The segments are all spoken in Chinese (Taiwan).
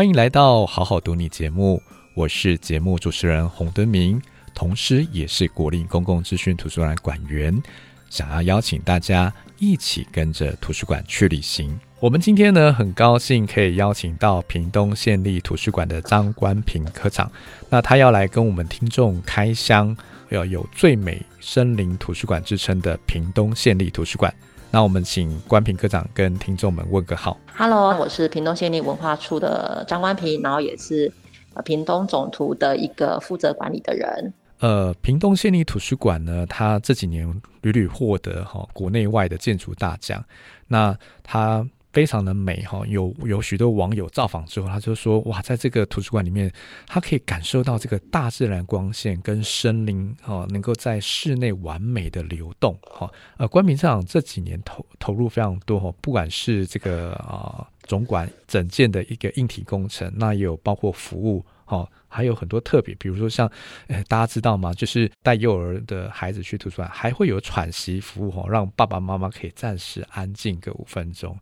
歡迎來到《好好讀你》節目，我是節目主持人洪敦明，同時也是國立公共資訊圖書館館員，想要邀請大家一起跟着圖書館去旅行。我們今天呢，很高興可以邀請到屏東縣立圖書館的張關評科長，那他要來跟我們聽眾開箱，要有，有“最美森林圖書館”之稱的屏東縣立圖書館。那我們請關評科長跟聽眾們問個好。Hello，我是屏東縣立文化處的張關評，然後也是呃屏東總圖的一個負責管理的人。呃，屏東縣立圖書館呢，它這幾年屢屢獲得哈、哦、國內外的建築大獎，那它，非常的美哈，有有許多網友造訪之後，他就說哇，在這個圖書館裡面，他可以感受到這個大自然光線跟森林啊，能夠在室內完美的流動。好，呃，關評上這幾年投投入非常多哈，不管是這個啊、呃、總館整建的一個硬體工程，那也有包括服務，哦，還有很多特別，比如說像，呃，大家知道嗎？就是帶幼兒的孩子去圖書館，還會有喘息服務，哈、哦，讓爸爸媽媽可以暫時安靜個五分鐘。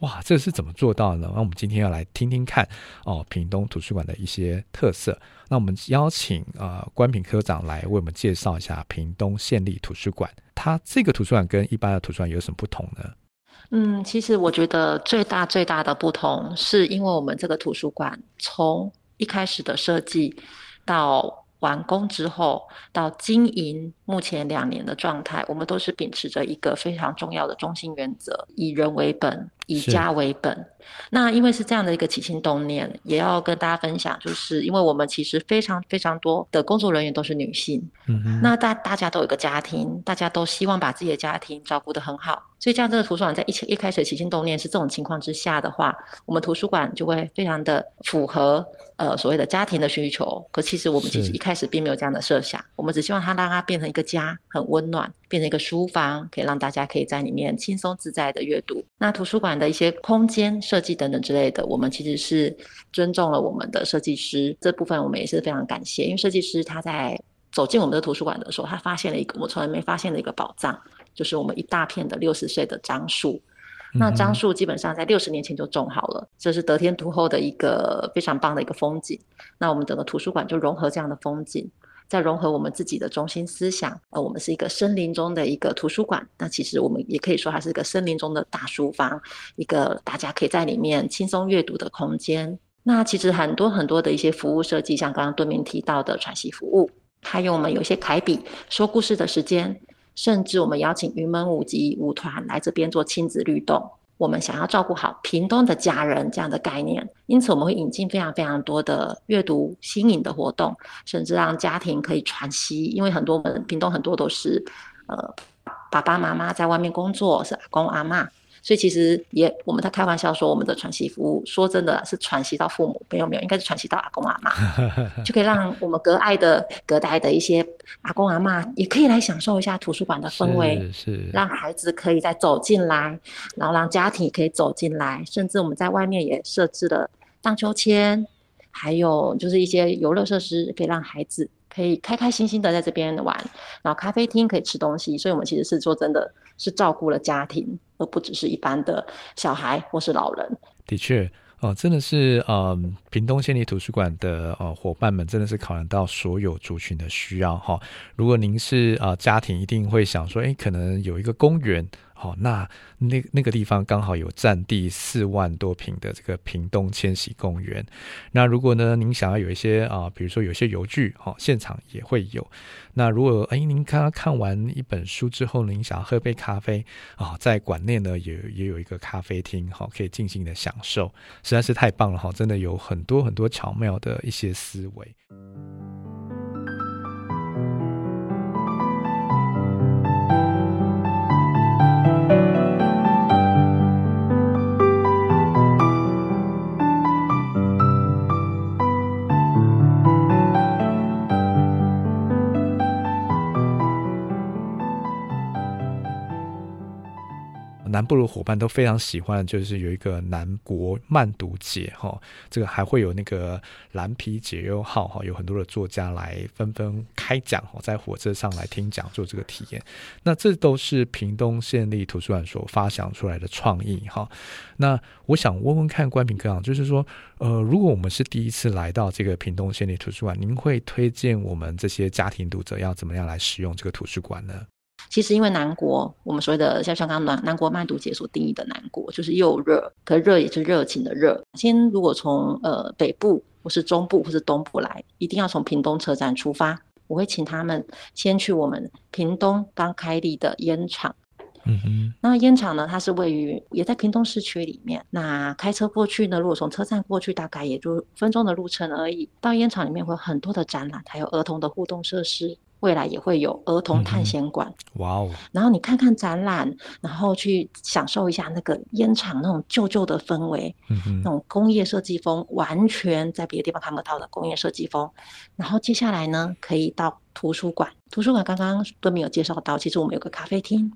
哇，這是怎麼做到的呢？那我們今天要來聽聽看哦，屏東圖書館的一些特色。那我們邀請啊，關、呃、評科長來為我們介紹一下屏東縣立圖書館。它這個圖書館跟一般的圖書館有什麼不同呢？嗯，其實我覺得最大最大的不同，是因為我們這個圖書館從一開始的設計，到完工之後，到經營目前兩年的狀態，我們都是秉持着一個非常重要的中心原則，以人為本。以家為本，是那因為是這樣的一個起心動念，也要跟大家分享，就是因為我們其實非常非常多的工作人員都是女性，嗯哼，那大大家都有個家庭，大家都希望把自己的家庭照顧得很好，所以像這個圖書館在一切一開始起心動念是這種情況之下的話，我們圖書館就會非常的符合呃所謂的家庭的需求，可其實我們其實一開始並沒有這樣的設想，是我們只希望它讓它變成一個家，很溫暖。變成一個書房，可以讓大家可以在裡面輕鬆自在的閱讀。那圖書館的一些空間設計等等之類的，我們其實是尊重了我們的設計師。這部分我們也是非常感謝。因為設計師他在走進我們的圖書館的時候，他發現了一個我從來沒發現的一個寶藏，就是我們一大片的六十歲的樟樹。那樟樹基本上在六十年前就種好了，嗯嗯。這是得天獨厚的一個非常棒的一個風景。那我們整個圖書館就融合這樣的風景。在融合我們自己的中心思想，呃，我們是一個森林中的一個圖書館，那其實我們也可以說它是一個森林中的大書房，一個大家可以在裡面輕鬆閱讀的空間。那其實很多很多的一些服務設計，像剛剛敦明提到的喘息服務，還有我們有一些凱比說故事的時間，甚至我們邀請雲門舞集舞團來這邊做親子律動。我們想要照顧好屏東的家人這樣的概念，因此我們會引進非常非常多的閱讀新穎的活動，甚至讓家庭可以喘息，因為很多我們屏東很多都是，呃，爸爸媽媽在外面工作，是阿公阿嬤。所以其實也，我們在開玩笑說我們的喘息服務，說真的是喘息到父母沒有沒有，應該是喘息到阿公阿媽， 就可以讓我們隔愛的隔代的一些阿公阿媽也可以來享受一下圖書館的氛圍，是，是讓孩子可以再走進來，然後讓家庭可以走進來，甚至我們在外面也設置了盪秋千，還有就是一些遊樂設施，可以讓孩子可以開開心心的在這邊玩，然後咖啡廳可以吃東西，所以我們其實是說真的。是照顧了家庭，而不只是一般的小孩或是老人。的確，哦、呃，真的是，嗯、呃，屏東縣立圖書館的呃夥伴們，真的是考量到所有族群的需要哈、哦。如果您是、呃、家庭，一定會想說，誒、欸，可能有一個公園。哦，那那那個地方剛好有占地四萬多平的這個屏東千禧公園。那如果呢，您想要有一些啊，比如說有些遊具，啊，現場也會有。那如果哎，您剛剛看完一本書之後呢，您想要喝杯咖啡啊，在館內呢也也有一個咖啡廳，啊，可以盡情的享受，實在是太棒了哈，啊，真的有很多很多巧妙的一些思維。南部的夥伴都非常喜歡，就是有一個南國慢讀節哈，這個還會有那個藍皮解憂號哈，有很多的作家來紛紛開講哈，在火車上來聽講座這個體驗。那這都是屏東縣立圖書館所發想出來的創意哈。那我想問問看關評科長，就是說，呃，如果我們是第一次來到這個屏東縣立圖書館，您會推薦我們這些家庭讀者要怎麼樣來使用這個圖書館呢？其實，因為南國，我們所謂的像香剛剛南南國漫讀節所定義的南國，就是又熱，可熱也是熱情的熱。先如果從呃北部或是中部或是東部來，一定要從屏東車站出發。我會請他們先去我們屏東剛開立的煙廠。嗯哼。那煙廠呢，它是位於也在屏東市區裡面。那開車過去呢，如果從車站過去，大概也就五分鐘的路程而已。到煙廠裡面會有很多的展覽，還有兒童的互動設施。未來也會有兒童探險館，哇哦、嗯！Wow、然後你看看展覽，然後去享受一下那個煙廠那種舊舊的氛圍，嗯哼那種工業設計風，完全在別的地方看不到的工業設計風。然後接下來呢，可以到圖書館。圖書館剛剛都沒有介紹到，其實我們有個咖啡廳。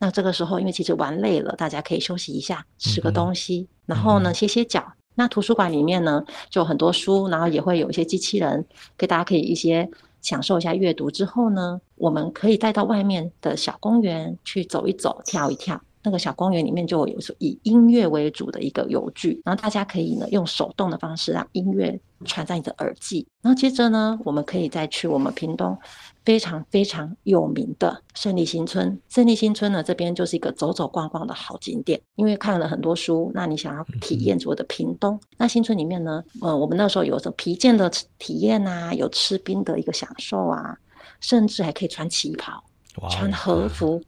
那這個時候，因為其實玩累了，大家可以休息一下，吃個東西，嗯、哼然後呢，歇歇腳。嗯、哼那圖書館裡面呢，就很多書，然後也會有一些機器人，給大家可以一些。享受一下閱讀之後呢，我們可以帶到外面的小公園去走一走、跳一跳。那個小公園裡面就有以音樂為主的一個遊具，然後大家可以呢用手動的方式讓音樂傳在你的耳機。然後接着呢，我們可以再去我們屏東非常非常有名的勝利新村。勝利新村呢這邊就是一個走走逛逛的好景點。因為看了很多書，那你想要體驗我的屏東，嗯嗯那新村裡面呢，呃，我們那時候有做皮件的體驗啊，有吃冰的一個享受啊，甚至還可以穿旗袍、穿和服。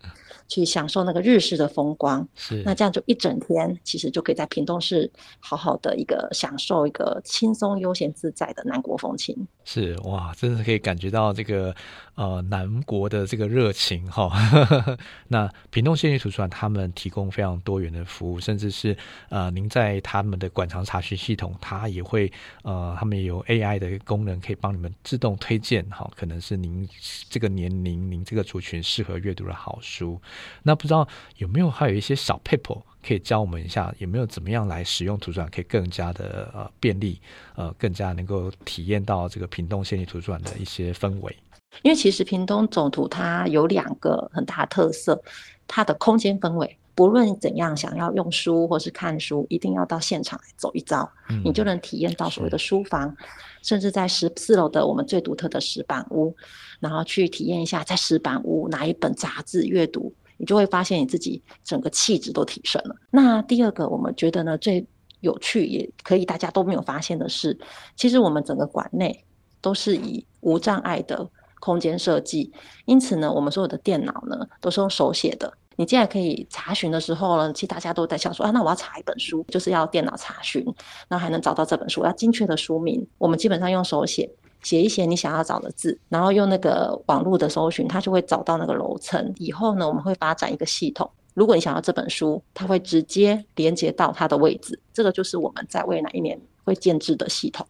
去享受那個日式的風光，是那這樣就一整天，其實就可以在屏東市好好的一個享受一個輕鬆悠閒自在的南國風情。是哇，真的可以感覺到這個呃南國的這個熱情哈。 那屏東縣立圖書館他們提供非常多元的服務，甚至是呃您在他們的館藏查詢系統，它也會呃他們有 AI 的功能，可以幫你們自動推薦哈，可能是您這個年齡您這個族群適合閱讀的好書。那不知道有沒有還有一些小撇步可以教我們一下，有沒有怎麼樣來使用圖書館，可以更加的呃便利，呃，更加能夠體驗到這個屏東縣立圖書館的一些氛圍？因為其實屏東總圖它有兩個很大的特色，它的空間氛圍，不論怎樣想要用書或是看書，一定要到現場來走一遭，嗯、你就能體驗到所謂的書房，是甚至在十四樓的我們最獨特的石板屋，然後去體驗一下，在石板屋拿一本雜誌閱讀。你就會發現你自己整個氣質都提升了。那第二個，我們覺得呢最有趣，也可以大家都沒有發現的是，其實我們整個館內都是以無障礙的空間設計，因此呢，我們所有的電腦呢都是用手寫的。你既然可以查詢的時候呢，其實大家都在想說啊，那我要查一本書，就是要電腦查詢，然後還能找到這本書，要精確的書名，我們基本上用手寫。寫一寫你想要找的字，然後用那個網絡的搜尋，它就會找到那個樓層。以後呢，我們會發展一個系統，如果你想要這本書，它會直接連接到它的位置。這個就是我們在未來一年會建置的系統。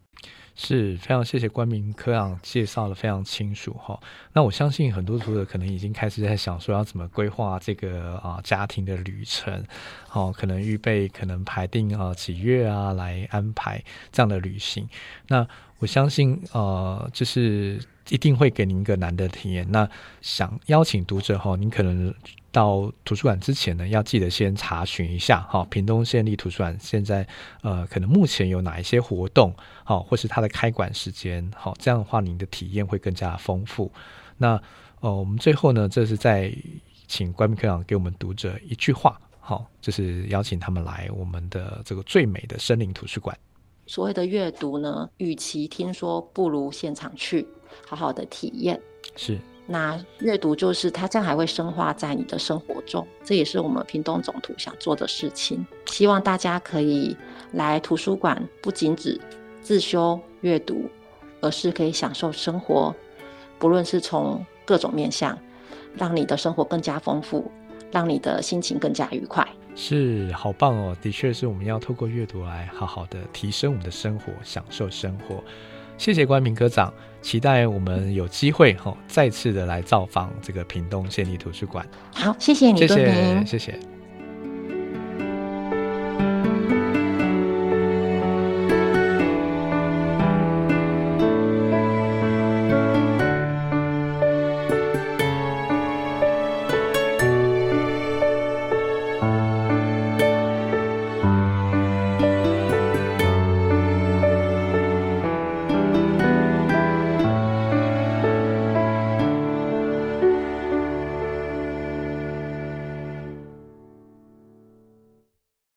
是，非常謝謝關評科長介紹的非常清楚哈。那我相信很多讀者可能已經開始在想說要怎麼規劃這個啊家庭的旅程，哦，可能預備可能排定啊幾月啊來安排這樣的旅行。那我相信呃，就是一定會給您一個難得體驗。那想邀請讀者哈，您可能。到圖書館之前呢，要記得先查詢一下哈，屏東縣立圖書館現在呃，可能目前有哪一些活動，好，或是它的開館時間，好，這樣的話您的體驗會更加豐富。那呃，我們最後呢，這是在請關評科長給我們讀者一句話，好，就是邀請他們來我們的這個最美的森林圖書館。所謂的閱讀呢，與其聽說，不如現場去，好好的體驗。是。那閱讀就是它這樣還會深化在你的生活中，這也是我們屏東總圖想做的事情。希望大家可以來圖書館，不僅只自修閱讀，而是可以享受生活，不論是從各種面向，讓你的生活更加豐富，讓你的心情更加愉快。是，好棒哦！的確是我們要透過閱讀來好好的提升我們的生活，享受生活。謝謝關評科長，期待我們有機會哈、哦、再次的來造訪這個屏東縣立圖書館。好，謝謝你，敦明，謝謝。謝謝。